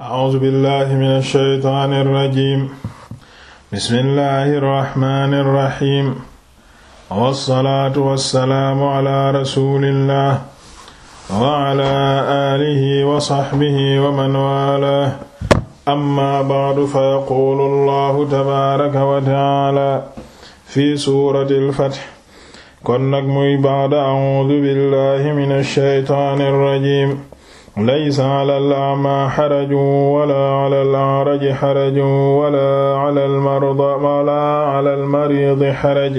A'uuzu billahi mina shaytaani rajiim. Bismillahi rahmaani rahiim. Wassalaatu wassalaamu ala rasuulillah wa ala aalihi wa sahbihi wa man waalaahu. Amma ba'du fa yaquulu Allahu tabaaraka wa ta'aala fi suuratil Fath. Kon nag muy ba'da a'uuzu billahi mina shaytaani rajiim. laysa ala al-a'ma xarajun wala ala al-a'raji xarajun wala ala al-marda wala ala al-maridi xaraj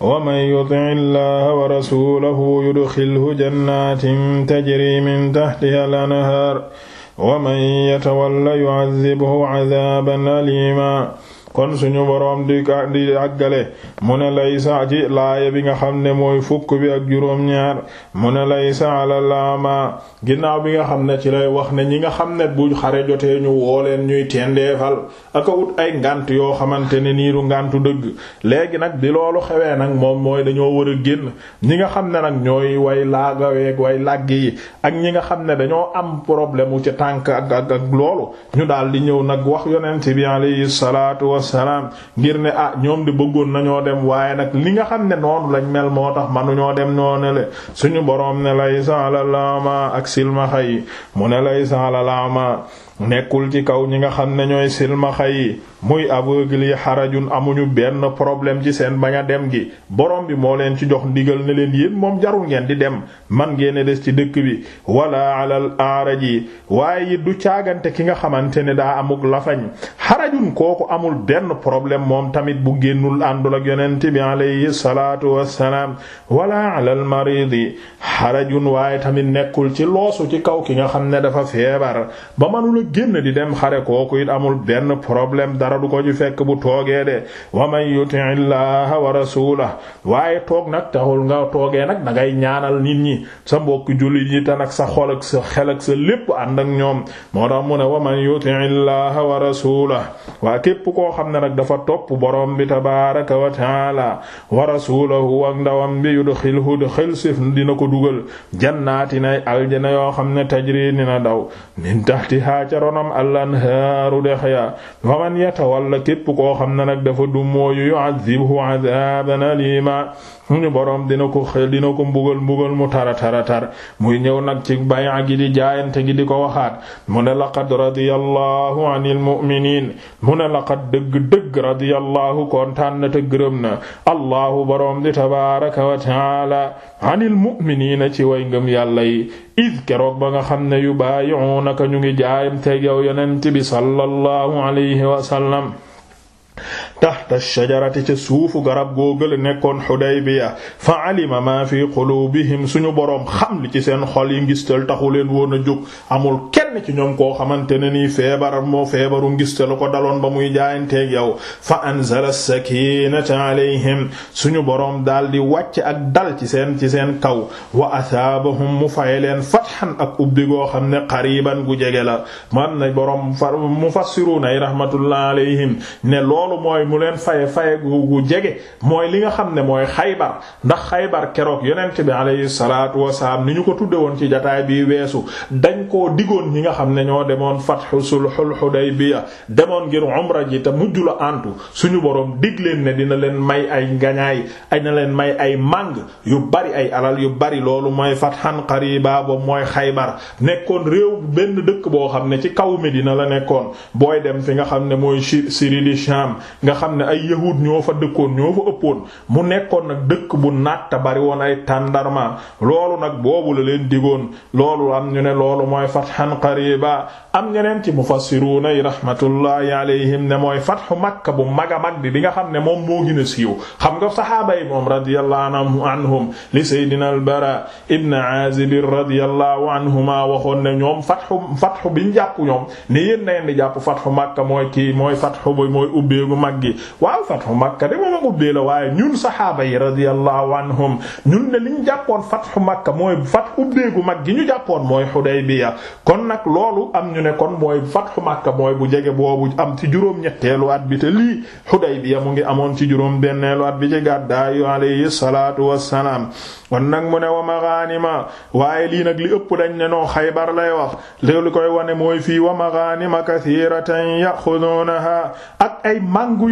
wa man yuti' Allaha wa rasuulahu yudxilhu jannaatin tajri min tahtiha al-anhaar wa man yatawalla yu'azzibhu 'azaaban aliimaa kon suñu woroom di di àggale mu ne laysa ci laaya bi nga xam ne mooy fukk bi ak juróom-ñaar mu ne laysa ala laama ginnaaw bi nga xam ne ci lay wax ne ñi nga xam ne bu xare jotee ñu leen ñuy tendeefal aka wut ay ngànt yoo xamante ne niiru ngàntu dëgg léegi nag bi loolu xewee nag moom mooy dañoo war a génn ñi nga xam ne nag ñooy way laagaweeg way làgg yi ak ñi nga xam ne dañoo am problème wu ci tànk ak ak ak loolu ñu daal ñëw nag wax yonent bi alayhi salaatu wasalaam ngir ne ah ñoom di bëggoon nañoo dem waaye nag li nga xam ne noonu lañ mel moo tax manuñoo dem noonu le suñu boroom ne laysa ala lama ak silmaxa yi mu ne laysa ala lama nekkul ci kaw ñi nga xam ne ñooy silmaxa yi muy aveugle yi xarajun amuñu benn problème ci seen bañ a dem gi borom bi moo leen ci jox ndigal ne leen yéen moom jarul ngeen di dem man ngeen des ci dëkk bi wala alal aaraji waaye it du caagante ki nga xamante ne daa amuk lafañ xarajun kooku amul benn problème moom tamit bu génnul àndul ak yonent bi alayhi salaatu wala alal maridi xarajun waaye tamit nekkul ci loosu ci kaw ki nga xam ne dafa ba muy génn di dem xare kooku it amul benn problème dara du ko ci fekk bu toogee de wa man yuti illaha wa rasulah waaye toog nag taxul nga toogee nag da ngay ñaanal nit ñi sa mbokk jullit yi te nag sa xol ak sa sa lépp ànd ak ñoom moo tax mu ne wa man yuti illaha wa rasulah waa képp koo xam ne nag dafa topp boroom bi tabaraka wa taala wa rasulahu ak ndawam bi yudxilhu dxil sif dina ko dugal jannaati nay aljana yoo xam ne tajri dina daw min tahtiha ca ronam al-anhaaru dex ya fa man yatawalla képp koo xam ne nag dafa du mooyu yu'adhibhu 'adhaban alima ñu boroom dina ko xel dina ko mbugal mbugal mu tara tara tar muy ñëw nag ci bay'a gi di jaayante gi di ko waxaat mu ne laqad radiyallahu anil mu'minin mu ne laqad dëgg dëgg radiyallahu kontaan na te gërëm na allahu boroom di tabaaraka wa ta'ala anil mu'miniina ci way ngëm yàlla yi id keroog ba nga xam ne yu baayi'uunaka ñu ngi jaayam teg yow yonent bi sallallahu alayhi wa sallam tahta shajarati ca suufu garab googale nekkoon Hudaybiya fa alima ma fi qulubihim suñu boroom xam li ci seen xol yi ngistal taxu leen woon a jóg amul kenn ci ñoom koo xamante ne nii feebar moo feebaru ngistal ko daloon ba muy jaayanteeg yow fa anzala sakinata alayhim suñu boroom daal di wàcc ak dal ci seen ci seen kaw wa asaabahum mu fay leen fathan ak ubbi goo xam ne qariban gu jege la man na boroom mufassiruna rahmatullah alayhim ne loolu mooy mu leen faye faye googu jege mooy li nga xam ne mooy xaybar ndax xaybar keroog yonent bi alayhi salaatu wasalaam ni ñu ko tudde woon ci jataay bi weesu dañ koo digoon ñi nga xam ne ñoo demoon fathu sulhul hudaybiya demoon ngir umra ji te mujj la antu suñu boroom dig leen ne dina leen may ay ngañaay ay na leen may ay màng yu bari ay alal yu bari loolu mooy fathan qariba ba mooy xaybar nekkoon réew benn dëkk boo xam ne ci kaw mi Medina la nekkoon booy dem fi xam ne mooy xam ne ay yahuud ñoo fa dëkkoon ñoo fa ëppoon mu nekkoon na dëkk bu naat te bari woon ay tàndarma loolu nag boobu la leen digoon loolu am ñu ne loolu mooy fathan qariba am ñeneen ci mufassiruna yi rahmatullahi ne mooy fathu makka bu mag a mag bi bi nga xam ne moom moo gën a xam nga sahaaba yi moom radiyallahu anhum li saydina al bara ibn azib radiyallahu anhuma waxoon ne ñoom fathu fathu biñ jàpp ñoom ne yéen na yeen di jàpp fathu makka mooy kii gi waaw fathu makka de moom a ubbee la waaye ñun saxaaba yi radiyallahu anhum ñun de liñ jàppoon fathu makka mooy fat ubbeegu mag gi ñu jàppoon mooy Hudaybiya kon nag loolu am ñu ne kon mooy fathu makka mooy bu jege boobu am ci juróom-ñetteelu at bi te lii Hudaybiya mu ngi amoon ci juróom-benneelu at bi ci gàddaayu alayhi salaatu wassalaam kon nag mu ne wa maganima waaye lii nag li ëpp dañ ne noo xaybar lay wax léegi li koy wane mooy fii wa maganima kathiratan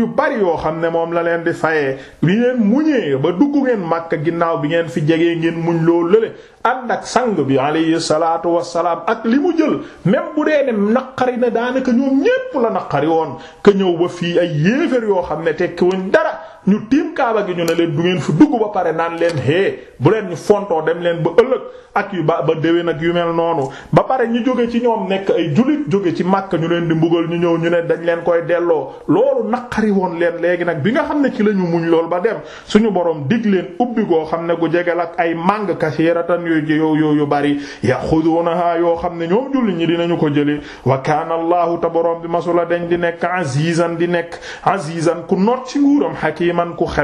yu bari yoo xam ne moom la leen di fayee bi ngeen muñee ba dugg ngeen màkk ginnaaw bi ngeen fi jegee ngeen muñ loo lële ànd ak sang bi alayhi salaatu wassalaam ak li mu jël même bu dee ne naqari na daanaka ñoom ñépp la naqari woon ka ñëw ba fii ay yéefér yoo xam ne tekkiwuñ dara ñu kaaba gi ñu ne leen du ngeen fu dugg ba pare naan leen hee bu leen ñu fontoo dem leen ba ëllëg ak yu ba ba déwén ak yu mel noonu ba pare ñu jóge ci ñoom nekk ay jullit jóge ci màkk ñu leen di mbugal ñu ñëw ñu ne dañ leen koy delloo loolu naqari woon leen léegi nag bi nga xam ne ci la ñu muñ lool ba dem suñu borom dig leen ubbi goo xam ne gu jegel ak ay màng kasiratan yu yu yu bari yaxudunaha yoo xam ne ñoom jullit ñi dinañu ko jëlee wa kaana allahu te borom bi masula dañ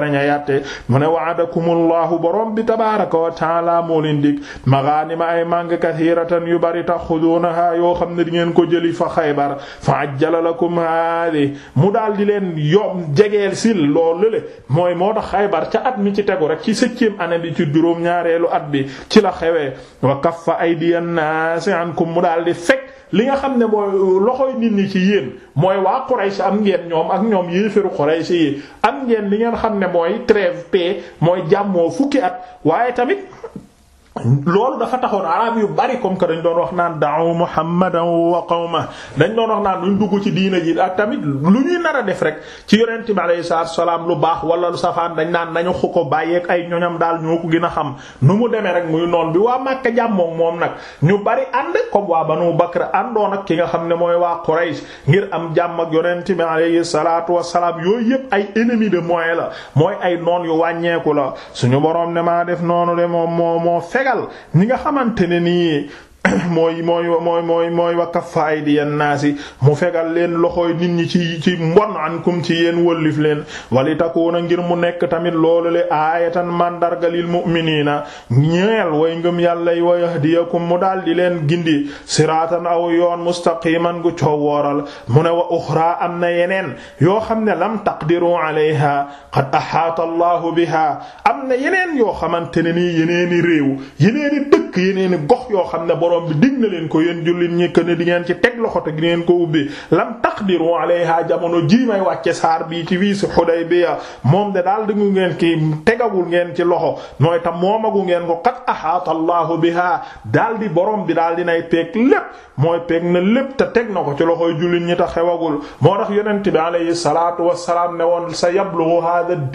nañ a yàtte mu ne wa'adakumullahu borom bi wa ta'aala moo leen dig maghanima ay màng kathiratan yu bari taxudunaha yoo xam ne di ko jëli fa xaybar fa ajjala lakum haadi mu daal di leen yom jegeel sil loolu le mooy moo tax xaybar ca at mi ci tegu rek ci septième année bi ci juróom ñaareelu at bi ci la xewee wa kaffa aydiyan naasi ankum mu daal fekk li nga xam ne mooy loxoy nit ñi ci yéen mooy waa Quraysh am ngeen ñoom ak ñoom yéeféru Quraysh yi am ngeen li ngeen xam ne mooy trêve paix mooy jàmmoo fukki at waaye tamit loolu dafa taxoon arab yu bari comme que dañ doon wax naan da'u muhammadan wa qawma dañ doon wax naan luñ dugg ci diina ji ak tamit lu ñuy nar a def rek ci yonent bi alayhi salaatu salaam lu baax wala lu dañ naan nañu xu ko bàyyeeg ay ñoñam daal ñoo ko a xam nu mu demee rek muy noon bi waa Makka jàmmoog moom nag ñu bari ànd comme waa Banu Bakr àndoon ak ki nga xam ne mooy waa Quraysh ngir am jàmm ak yonent bi alayhi salaatu wa salaam yooyu yëpp ay ennemis de moyen la mooy ay noon yu wàññeeku la suñu borom ne maa def noonu de moom moo moo fekk tegal ñi nga xamante ne nii mooy mooy mooy mooy mooy wa kaffa aydiyan naasi mu fegal leen loxooy nit ñi ci ci mbon ankum ci yéen wëllif leen wali takuuna ngir mu nekk tamit loolu le aayatan mandarga lil mu'miniina ñeel way ngëm yàlla yi wa yahdiyakum mu daal di leen gindi siraatan aw yoon mustaqiman gu coowooral mu ne wa uxraa am na yeneen yoo xam ne lam taqdiru alayha qad ahaata allahu biha am na yeneen yoo xamante ne nii yeneeni réew yeneeni dëkk dëkk yeneen gox yoo xam ne borom bi dig na leen ko yéen jullit ñi que ne di ngeen ci teg loxo te di ngeen ko ubbi lam taqdiru alayha jamono jii may saar bii ci wiisu Hudaybiya moom de daal dingu ngeen ki tegagul ngeen ci loxo mooy tam moomagu ngeen ko qad ahaata Allahu biha daal di borom bi daal di nay peeg lépp mooy peeg na lépp te teg na ko ci loxo loxoy jullit ñi ta xewagul moo tax yonent bi alayhi salaatu wassalaam ne woon sa yablughu hadha ad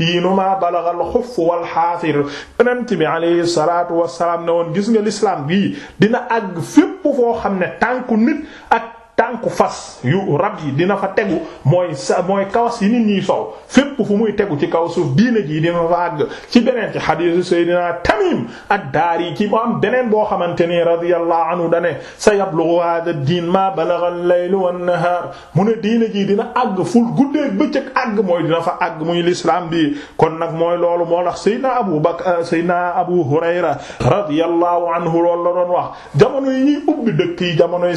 bi alayhi salaatu wassalaam ne woon l'islam gii dina àgg fépp foo xam ne tànku nit ak tànku fas yu rab yi dina fa tegu mooy sa mooy kawas yi nit ñiy sow fépp fu muy tegu ci kaw suuf diina ji dina fa àgg ci beneen ci xadiisu Seydina Tamim ad-Dari ci mu beneen boo xamante ni radiyallahu anhu dane sa yablughu hadha ma balagha al-layl wan-nahar mu ne diina ji dina àgg ful guddeeg bëccëg àgg mooy dina fa àgg muy l'islam bi kon nag mooy loolu moo tax Seydina Abu Bakr euh, Seydina Abu Hurayra anhu loolu la doon jamono yi ñuy ubbi dëkk yi jamonoy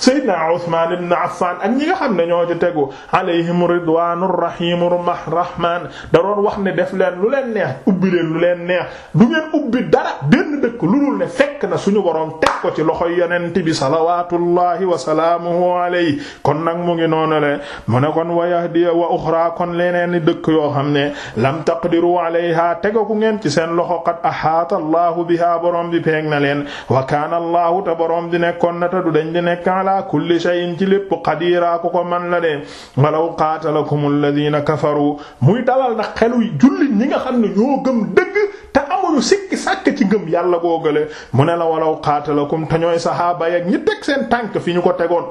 Seydina Usmaan ibn Affaan ak ñi nga xam ne ñoo ci tegu alayhim ridwaanur rahiimur rahmaan da doon wax ne def leen lu leen neex ubbi leen lu leen neex du ngeen ubbi dara benn dëkk lu dul ne fekk na suñu boroom teg ko ci loxoy yonent bi salawaatullahi wa salaamuhu alayhi kon nag mu ngi noonu le mu ne kon wa yahdi wa uxra kon leneen ni dëkk yoo xam ne lam taqdiru alayha tegaku ngeen ci seen loxo qad ahaata allahu biha boroom bi peeg na leen wa kaana ala kulli shay'in ci lépp qadiraa ku ko man la de walaw qaatalakum alladhina kafaru muy dalal na xelu jullit ñi nga xam ne ñoo gëm dëgg te sikki sàkk ci ngëm yàlla googale mu ne la walaw qaatalakum te ñooy saxaaba yak ñi teg seen tànk fi ñu ko tegoon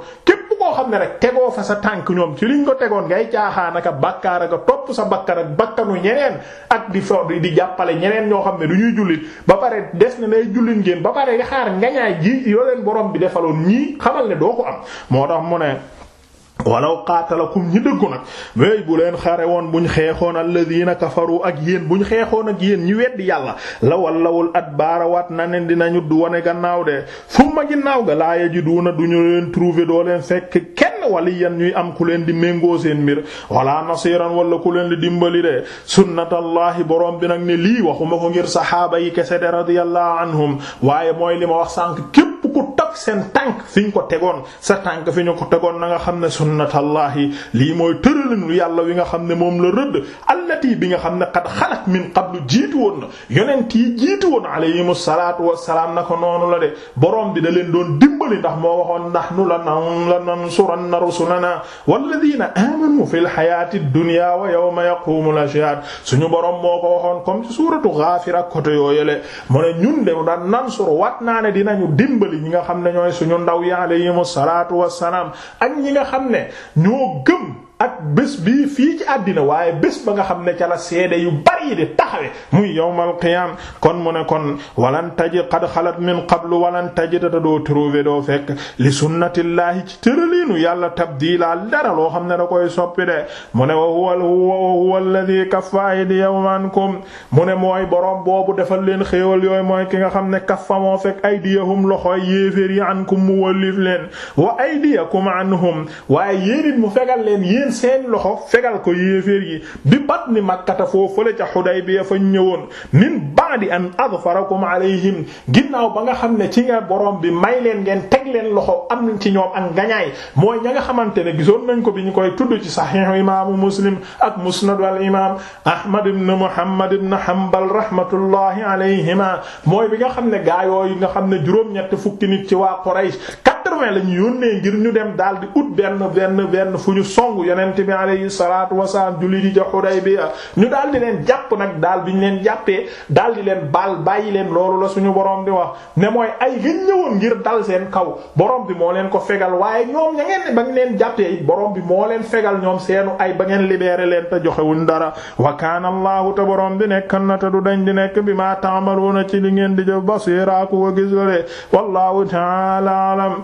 xam ne rek tegoo fa sa tànk ñoom ci liñ ko tegoon ngay caaxaan aka bàkkaar topp sa bakkan ak bakkanu ñeneen ak di fo di jàppale ñeneen ñoo xam ne du ñuy jullit ba pare des na nay jullit ngeen ba pare di xaar ngañaay ji yoo leen borom bi defaloon ñii xamal ne doo ko am moo tax mu ne walaw qaatalakum ñi dëggu nag wéy bu leen xare woon buñ xeexoon alladina kafaru ak yéen buñ xeexoon ak yéen ñi weddi yàlla lawal wallawul at baarawaat na ne ñu du wane gannaaw de summa ginnaaw ga laaya ji na duñu leen trouver doo leen fekk kenn waliyan ñuy am ku leen di méngoo seen mbir wala nasiran wala ku leen di dimbali de sunnatallahi borom bi nag ne lii waxuma ko ngir saxaaba yi kese de radiyallahu anhum waaye mooy li wax sànq képp ku tag seen tànk fi ñu ko tegoon sa tànk fi ñu ko tegoon na nga xam ne sunnatallahi lii mooy tëralinu yàlla wi nga xam ne moom la rëdd allati bi nga xam ne qad xalat min qablu jiitu woon na yonent yi jiitu woon alayhimu salaatu wassalaam na ko noonu la de borom bi da leen doon dimbali ndax moo waxoon nahnu lanansuranna rusulanaa walladiina aamanu fil hayaati dunyaa wa yawma yaquumul ashhaad suñu borom moo ko waxoon comme ci suuratu Ghaafir ak côté yooyale mu ne ñun de daan nansur wat ñi xam ne ñooy suñu ndaw yi alayhimu salaatu wassalaam ak ñi nga xam ne ñoo gëm ak bés bii fii ci àddina waaye bés ba nga xam ne ca la seede yu bari di taxawe muy yawmal qiyaam kon mu ne kon walan taji qad xalat min qablu walan taji data doo trouver doo fekk li sunnatillaahi ci tëraliinu yàlla tabdiila dara loo xam ne da koy soppi de mu ne wa huwa wa huwa alladhi kaffa aydiyakum ankum ne mooy boroom boobu defal leen xéewal yooyu mooy ki nga xam ne kaffa moo fekk aydiyahum loxoy yéeféer yi ankum mu wallif leen wa aydiyakum anhum waaye yéenit mu fegal leen seen seen loxo fegal ko yéeféer yi bi batni makkata foofu fële ca Xudaybiya fa ñëwoon min ba'di an azfarakum alayhim ginnaaw ba nga xam ne ci nga borom bi may leen ngeen teg leen loxo am ci ñoom ak ngañaay mooy ña nga xamante ne gisoon nañ ko bi ñu koy tudd ci saxiixu imaamu muslim ak musnadu al imaam Ahmad ibn Muhammad ibn Hanbal rahmatullahi alayhima mooy bi nga xam ne gaayoo yi nga xam ne juróom-ñett fukki nit ci waa Quraysh quatre-vingts la ñu yónnee ngir ñu dem daal di ut benn benn benn fu ñu song yonent bi alayhi salaatu wasalaam julli di ja Xudaybiya ñu daal di leen jàpp nag daal bi leen jàppee daal di leen baal bàyyi leen loolu la suñu borom di wax ne mooy ay ngeen ñëwoon ngir dal seen kaw borom bi moo leen ko fegal waaye ñoom ña ngeen ba ngeen leen jàppee it bi moo leen fegal ñoom seenu ay ba ngeen libeere leen te joxewuñ dara wa kaana Allahu te bi nekkan na te du dañ di nekk bi ma ta'maluna ci li ngeen di jëf basiira ku gis wallahu ta'ala alam